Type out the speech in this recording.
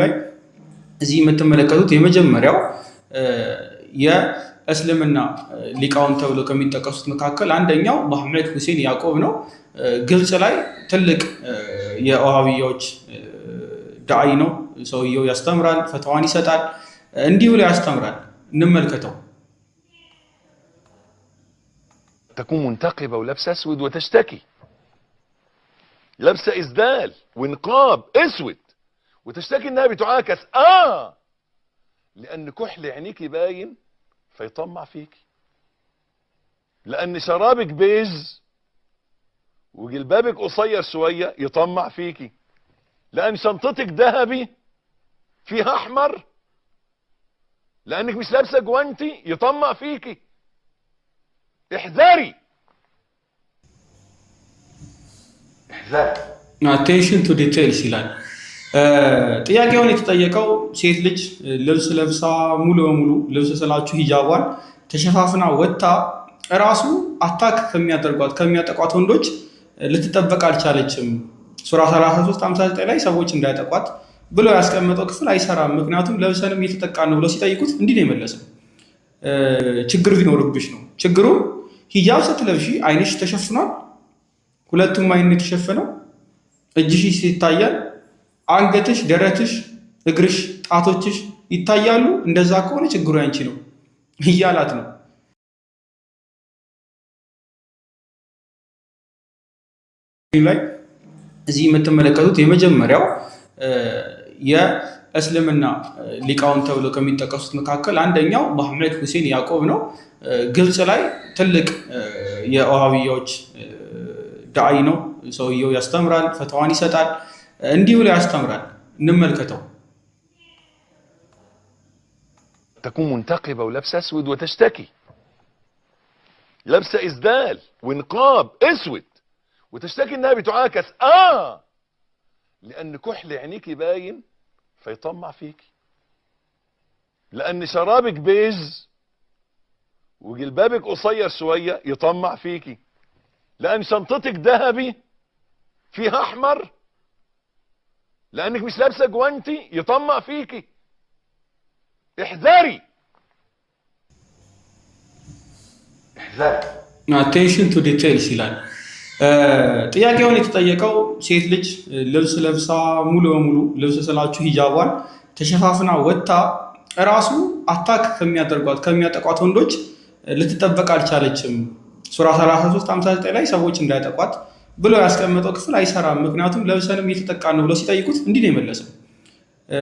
ላይ እዚህ የምትመለከቱት የመጀመሪያው የእስልምና ሊቃውን ተብሎ ከሚጠቀሱት መካከል አንደኛው መሐመድ ሁሴን ያዕቆብ ነው። ግብፅ ላይ ትልቅ የውሃብያዎች ዳአይ ነው። ሰውየው ያስተምራል፣ ፈተዋን ይሰጣል፣ እንዲሁ ላይ ያስተምራል። እንመልከተው። تكون منتقبة ولابسة أسود وتشتكي لابسة إسدال ونقاب أسود وتشتكي انها بتعاكس اه لان كحل عينيك باين فيطمع فيكي لان شرابك بيج وجلبابك قصير شويه يطمع فيكي لان شنطتك ذهبي فيها احمر لانك مش لابسه جوانتي يطمع فيكي احذري احذري Now attention to details, Ilan. ጥያቄውን የተጠየቀው ሴት ልጅ ልብስ ለብሳ ሙሉ በሙሉ ልብስ ስላችሁ ሂጃቧን ተሸፋፍና ወጥታ እራሱ አታክ ከሚያደርጓት ከሚያጠቋት ወንዶች ልትጠበቅ አልቻለችም። ሱራ 33 59 ላይ ሰዎች እንዳያጠቋት ብሎ ያስቀመጠው ክፍል አይሰራም፣ ምክንያቱም ለብሰንም እየተጠቃ ነው ብለው ሲጠይቁት እንዲህ ነው የመለሰው። ችግር ቢኖርብሽ ነው ችግሩ። ሂጃብ ስትለብሺ አይንሽ ተሸፍኗል፣ ሁለቱም አይን የተሸፈነው እጅሽ ይታያል አንገትሽ፣ ደረትሽ፣ እግርሽ፣ ጣቶችሽ ይታያሉ። እንደዛ ከሆነ ችግሩ ያንቺ ነው እያላት ነው። ላይ እዚህ የምትመለከቱት የመጀመሪያው የእስልምና ሊቃውንት ተብሎ ከሚጠቀሱት መካከል አንደኛው መሐመድ ሁሴን ያዕቆብ ነው። ግብፅ ላይ ትልቅ የውሃብያዎች ዳአይ ነው። ሰውየው ያስተምራል፣ ፈተዋን ይሰጣል። እንዲሁ ያስተምራል። እንመልከተው። تكون منتقبة ولابسة أسود وتشتكي لابسة إسدال ونقاب أسود وتشتكي إنها بتعاكس آه لأن كحل عينيك باين فيطمع فيكي لأن شرابك بيج وجلبابك قصير شوية يطمع فيكي لأن شنطتك ذهبي فيها أحمر لانك مش لابسه جوانتي يطمع فيكي احذري احذري አቴንሽን ቱ ዲቴልስ ይላል ጥያቄውን የተጠየቀው ሴት ልጅ ልብስ ለብሳ ሙሉ በሙሉ ልብስ ስላችሁ ሂጃቧን ተሸፋፍና ወጥታ እራሱ አታክ ከሚያደርጓት ከሚያጠቋት ወንዶች ልትጠበቅ አልቻለችም ሱራ 33 59 ላይ ሰዎች እንዳያጠቋት ብሎ ያስቀመጠው ክፍል አይሰራም፣ ምክንያቱም ለብሰንም እየተጠቃን ነው ብለው ሲጠይቁት እንዲህ ነው የመለሰው።